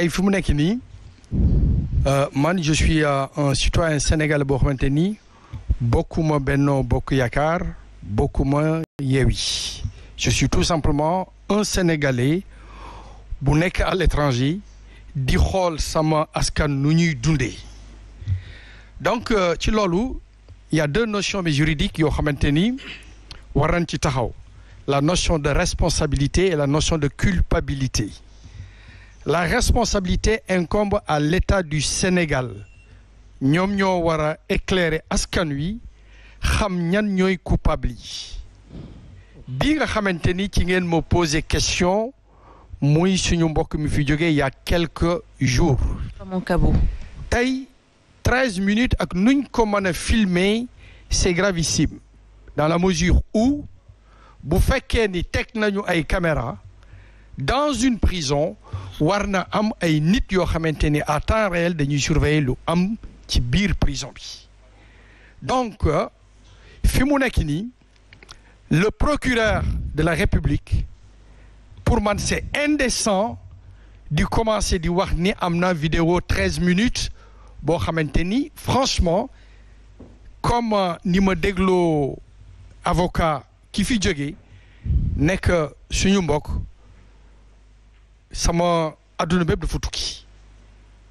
tey fi mu nekk nii euh, man je suis euh, un citoyen sénégalais boo xamante ni bokkuma Benno Bokk Yaakaar bokkuma Yewwi je suis tout simplement un sénégalais bu nekk à l'étranger di xool sama askan nu ñuy dundee donc euh, ci loolu ya deux notions mais juridiques yoo xamante ni war nañ ci taxaw la notion de responsabilité et la notion de culpabilité la responsabilité incombe à l'État du Sénégal ñoom ñoo war a éclairer askan wi xam ñan ñooy coupable yi bi nga xamante ni ci ngeen ma poser question muy suñu mbokk mi fi jógee y a quelques jours tey treize minutes ak nuñ ko mën a filmer c'est gravissime dans la mesure où bu fekkee ni teg nañu ay caméra dans une prison war na am ay nit yoo xamante ni à temps réel dañuy surveiller lu am ci biir prison bi donc euh, fi mu nekk nii le procureur de la République pour man c'est indécent di commencer di wax ni am na vidéo treize minutes boo xamante ni franchement comme euh, ni ma dégloo avocat ki fi jógee nekk suñu mbokk sama adduna bépp dafa tukki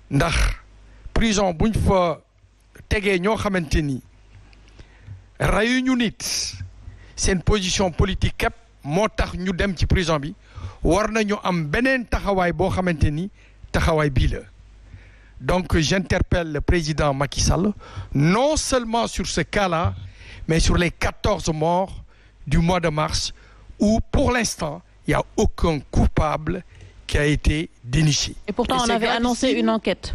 ndax prison buñ fa tegee ñoo xamante ni reyuñu nit seen position politique képp moo tax ñu dem ci prison bi war nañu am beneen taxawaay boo xamante ni taxawaay bii la donc j'interpelle le président Macky Sall non seulement sur ce cas-là mais sur les quatorze morts du mois de mars où pour l'instant il n'y a aucun coupable qui a été déniché. Et pourtant, et on avait annoncé une enquête.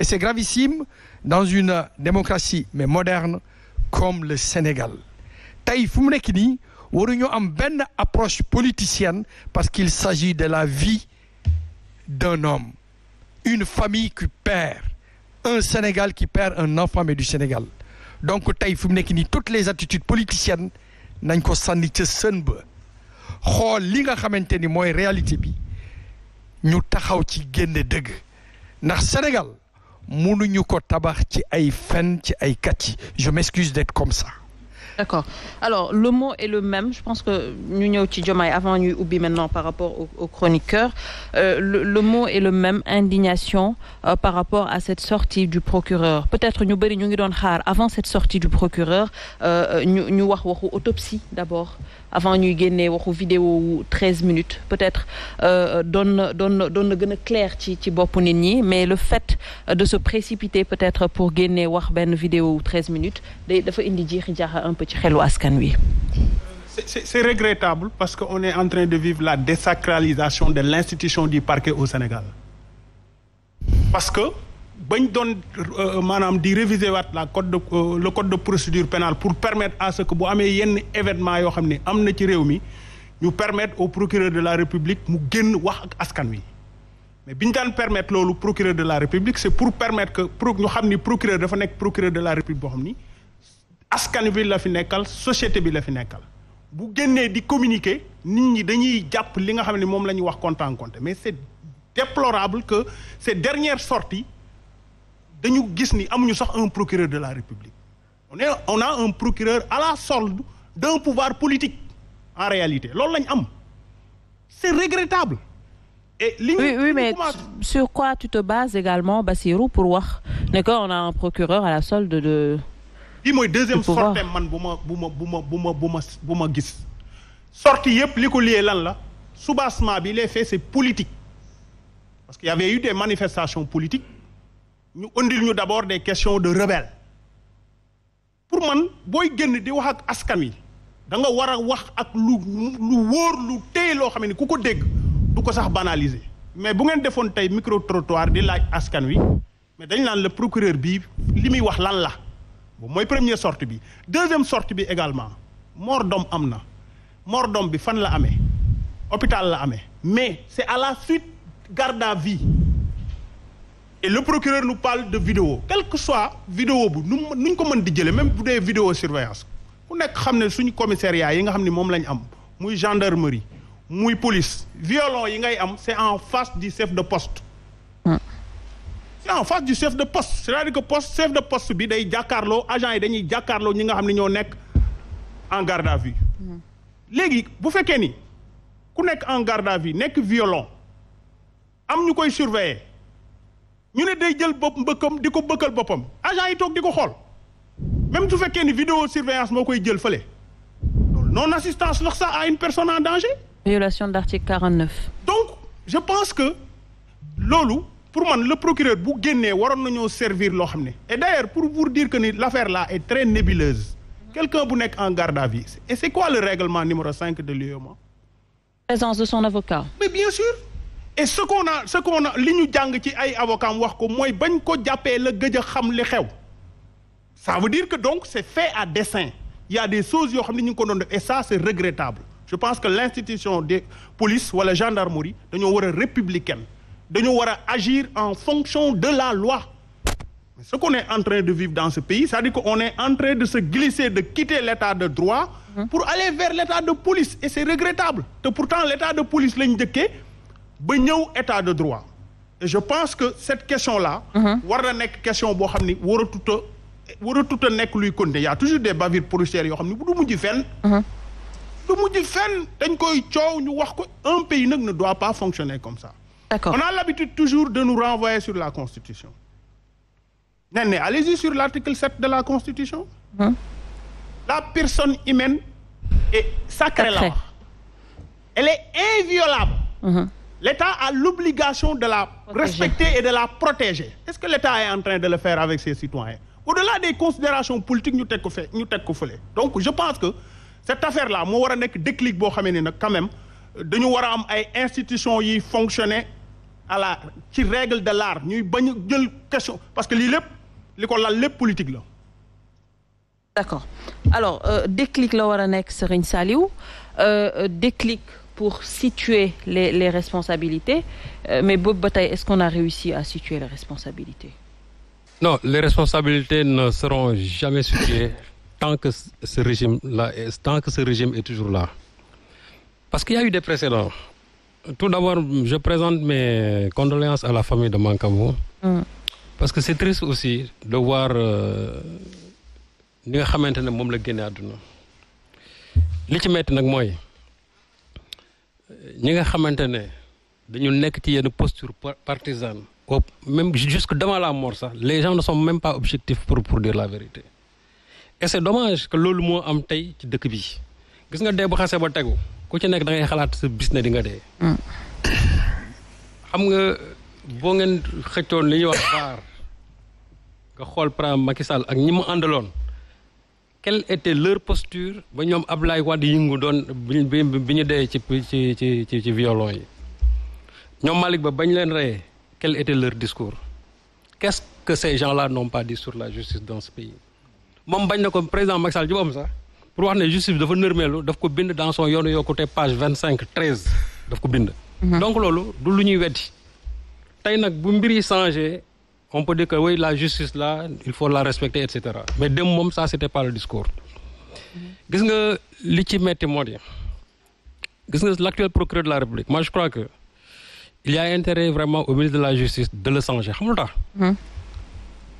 Et c'est gravissime dans une démocratie mais moderne comme le Sénégal. tey fu mu nekk nii waruñu am benn approche politicienne parce qu'il s'agit de la vie d'un homme. une famille qui perd un Sénégal qui perd un enfant mais du Sénégal donc tey fu mu nekk nii toutes les attitudes politiciennes nañ ko sànni ca sën ba xool li nga xamante ni mooy réalité bi. ñu taxaw ci génne dëgg ndax Sénégal mënuñu ko tabax ci ay fen ci ay kàcc je m'excuse d'être comme ça D'accord alors le mot est le même je pense que ñu ñëw ci Diomaye avant ñuy ubbi maintenant par rapport au, au chroniqueur euh, le, le mot est le même indignation euh, par rapport à cette sortie du procureur peut-être ñu bëri ñu ngi doon xaar avant cette sortie du procureur euh, euh, ñu ñu wax waxu autopsie d'abord avant ñuy génnee waxu vidéo wu treize minutes peut-être doon na doon doon na gën a clair ci ci bopp nit ñi mais le fait de se précipiter peut-être pour génnee wax benn vidéo wu treize dafa indi jiixi jaaxa ci xelu askan wi. c'est c'est regrettable parce que on est en de vivre la désacralisation de l'institution du parquet au Sénégal parce que bañ doon euh, maanaam di réviser wat la code de euh, le code de procédure pénal pour permettre à ce que bu amee yenn événement yoo xam ni am na ci réew mi ñu permettre au procureur de la République mu génn wax ak askan wi mais bi ñu daan permettre loolu procureur de la République c'est pour permettre que ñu xam ni procureur dafa nekk procureur de la République boo xam ni. askan bi la fi nekkal société bi la fi nekkal bu génnee di communiquer nit ñi dañuy jàpp li nga xam ne moom la ñuy wax kontaan konte mais c'est déplorable que ces dernières sorties dañu gis ni amuñu sax un procureur de la République on on a un procureur à la solde d'un pouvoir politique en réalité loolu lañ am c'est regrettable et li oui, oui mais sur quoi tu te bases également Bassirou pour wax ne qu'on a un procureur à la solde de bi mooy deuxième sortie man bu ma bu ma bu ma bu ma bu ma bu ma gis sortie yëpp li ko liyee lan la soubassement bi les faits c'est politique parce qu'il y avait eu des manifestations politiques ñu indil ñu d'abord des questions de rebelles pour man booy génn di wax ak askan wi da nga war a wax ak lu lu wóor lu téye loo xam ne ku ko dégg du ko sax banaliser mais bu ngeen defoon tey micro trottoir di laaj askan wi mais dañ naan le procureur bi li muy wax lan la boobu mooy première sortie bi deuxième sortie bi également mort doom am na mort d'homme bi fan la amee hôpital la amee mais c'est à la suite garde à vue le procureur nous pale de vidéo quel soit vidéo bu nu ñu ko mën di jëlee même bu dee vidéo surveillance ku nekk xam ne suñu commissariat yi nga xam ni moom lañ am muy gendarmerie muy police violon yi ngay am c'est en face du chef de post en face du chef de poste c'est-à-dire que poste chef de poste bi day jàkkaarloo agent yi dañuy jàkkaarloo ñi nga xam ne ñoo nekk en garde à mm-hmm. léegi bu fekkee ni ku nekk en garde à nekk violent am ñu koy surveiller ñu ne day jël bopp mbëkkam di ko bëkkal boppam agent yi toog di ko xool même su fekkee ni vidéo surveillance moo koy jël fële loolu non assistance ndax ça à une personne en danger donc je pense que loolu pour man le procureur bu génnee waroon nañoo servir loo xam ne et d'ailleurs pour vous dire que ni l'affaire là est très nébuleuse quelqu'un bu nekk en garde à vue et c'est quoi le règlement numéro cinq de l'UEMOA présence de son avocat mais bien sûr et ce qu'on a ce qu'on a li ñu jàng ci ay avocat am wax ko mooy bañ ko jàppee la gëj a xam li xew ça veut dire que donc c'est fait à dessein ya des choses yoo xam ne ñu ngi ko doon def et ça c'est regrettable je pense que l'institution des police wala gendarmerie dañoo war a républicaine dañu war a agir en fonction de la loi mais ce qu'on est en train de vivre dans ce pays c'est-à-dire qu'on est en train de se glisser de quitter l'état de droit mm-hmm. pour aller vers l'état de police et c'est regrettable te pourtant l'état de police lañu njëkkee ba ñëw état de droit et je pense que cette question la mm-hmm. war na nekk question boo xam ni waratuta war a tuta nekk luy continuer y a toujours des bavures policières yoo xam ni bu du mujj fen mm-hmm. du mujj fenn dañ koy coow ñu wax ko un nag ne doit pas comme ça D'accord. On a l'habitude toujours de nous renvoyer sur la Constitution. nee na allez-y sur l'article 7 de la Constitution. Mmh. La personne humaine est sacrée là-bas. Elle est inviolable. Mmh. L'État a l'obligation de la protéger. respecter et de la protéger. Est-ce que l'État est en train de le faire avec ses citoyens? Au-delà des considérations politiques ñu teg ko fee ñu teg ko fële. Donc je pense que cette affaire-là moo war a nekk déclic boo xamee ne nag dañu war a am ay institutions yiy fonctionner à ci règle de l'art ñuy bañ jël question parce que lii lépp li ko lal lépp politique la. d'accord alors euh, déclic la war a nekk Serigne Saliou euh, euh déclic pour situer les les responsabilités euh, mais boobu ba tey est-ce qu'on a réussi à situer les responsabilités. non les responsabilités ne seront jamais situées tant que ce tant que ce régime est toujours là. Parce que y a eu des précédents. Tout d'abord, je présente mes condoléances à la famille de Mankabo. Mm. Parce que c'est triste aussi de voir euh, ni nga xamante ne moom la génne àdduna. li ci metti nag mooy ñi nga xamante ne dañu nekk ci yenn posture partisane au même jusque devant la mort sax les gens ne sont même pas objectifs pour pour dire la vérité et c'est dommage que loolu moo am tey ci dëkk bi gis nga dee bu xasee ba tegu ku ci nekk da ngay xalaat sa bis ne di nga dee. Mm. xam nga boo ngeen xëccoon li ñuy wax vaar nga xool par Macky Sall ak ñi mu àndaloon quelle était leur posture ba ñoom Ablaye Wade yëngu doon bi bi ñu dee ci ci ci ci ci violon yi ñoom Malick Ba bañ leen reyee quel était leur discours qu'est-ce que ces gens-là n'ont pas dit la justice dans ce pays moom bañ na ko président Macky Sall ju sax. pour wax ne justice bi dafa nërmeelu daf ko bind dans son yoonu yokkute page vingt cinq treize daf ko bind mhm. donc loolu du lu ñuy weddi tey nag bu mbir yi changé on peut dire que oui la justice là il faut la respecter et cetera mais dem moom ça c'était pas le discours gis nga li ci metti moo di gis nga l'actuel procureur de la République moi je crois que il y a intérêt vraiment au de la justice de le changer xam nga tax mhm.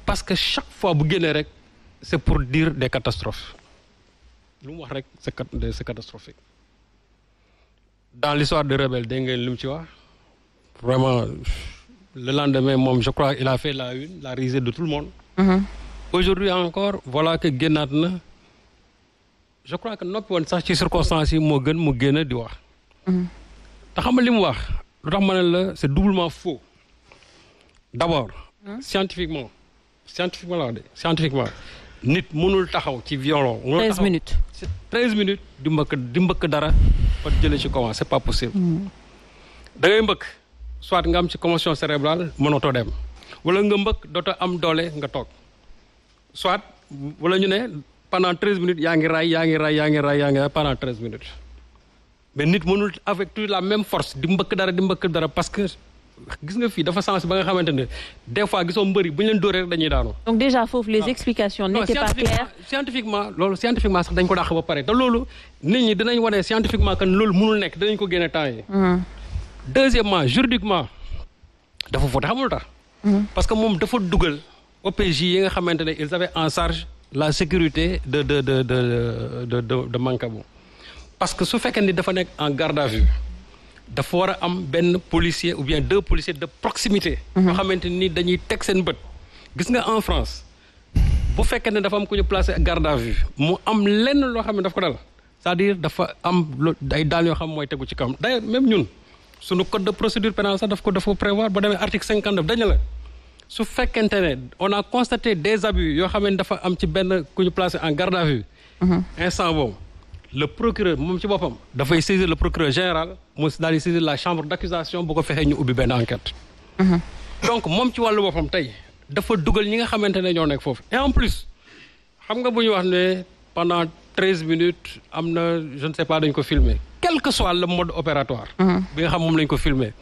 parce que chaque fois bu génnee rek c'est pour dire des catastrophes lu mu wax rek c'est c'est catastrophique dans l'histoire de Rebelle dégg ngeen lu mu ci wax vraiment le lendemain moom je crois il a fait la une la risée de tout le monde mm aujourd'hui encore voilà que génnaat na je crois que noppi woon sax ci circonstances yi moo gën mu génn di wax mhm. te xam nga li mu wax lu tax ma ne la c'est doublement faux d'abord mm -hmm. scientifiquement scientifiquement scientifiquement nit mënul taxaw ci violon. mënul taxaw 13 minutes. 13 minutes di mbëkk di mbëkk dara ba jëlee ci comment c'est pas possible. Hmm. da mbëkk soit nga am ci commotion cérébrale mënatoo dem wala nga mbëkk dootoo am doole nga toog soit wala ñu ne pendant 13 minutes yaa ngi raay yaa ngi raay yaa ngi raay yaa ngi raay pendant 13 minutes mais nit mënul avec toute la même force di mbëkk dara di mbëkk dara parce que. gis nga fii dafa sens ba nga xamante ne des fois gisoo mbëri bu ñu leen dóoree rek dañuy daanoo. donc déjà foofu les ah. explications n'étaient pas claires. scientifiquement loolu scientifiquement sax dañ ko dàq ba pare te loolu nit ñi dinañ wane scientifiquement kan loolu mënul nekk dinañ ko génne temps yi. Hmm. deuxièmement juridiquement dafa foote xamul tax. Hmm. parce que moom dafa dugal OPJ yi nga xamante ne ils avaient en charge la sécurité de de de de de de de Mancabou parce que su fekkee ni dafa nekk en garde dafa war a am benn policier ou bien deux policiers de proximité. Mhm. yoo xamante ni dañuy teg seen bët. gis nga en France bu fekkee ne dafa am ku ñu placé garde à vue mu am lenn loo xam ne daf ko dal c'est-à-dire dafa am lu ay daan yoo xam mooy tegu ci kam d'ailleurs même ñun suñu code de procédure pénale sax daf ko dafa prévoir ba demee article cinquante neuf dañu la. su fekkente ne on a constaté des abus yoo xam ne dafa am ci benn ku ñu placé en garde à vue. Mhm. instant boobu. le procureur moom ci boppam dafay saisir le procureur général mu daal di saisir la chambre d'accusation bu ko fexee ñu ubbi benn enquête mhm. donc moom ci wàllu boppam tey dafa dugal ñi nga xamante ne ñoo nekk foofu et en plus xam nga bu ñu wax ne pendant treize minutes am na je ne sais pas dañ ko filmer quelque que soit le mode opératoire mhm. bi nga xam moom lañ ko filmer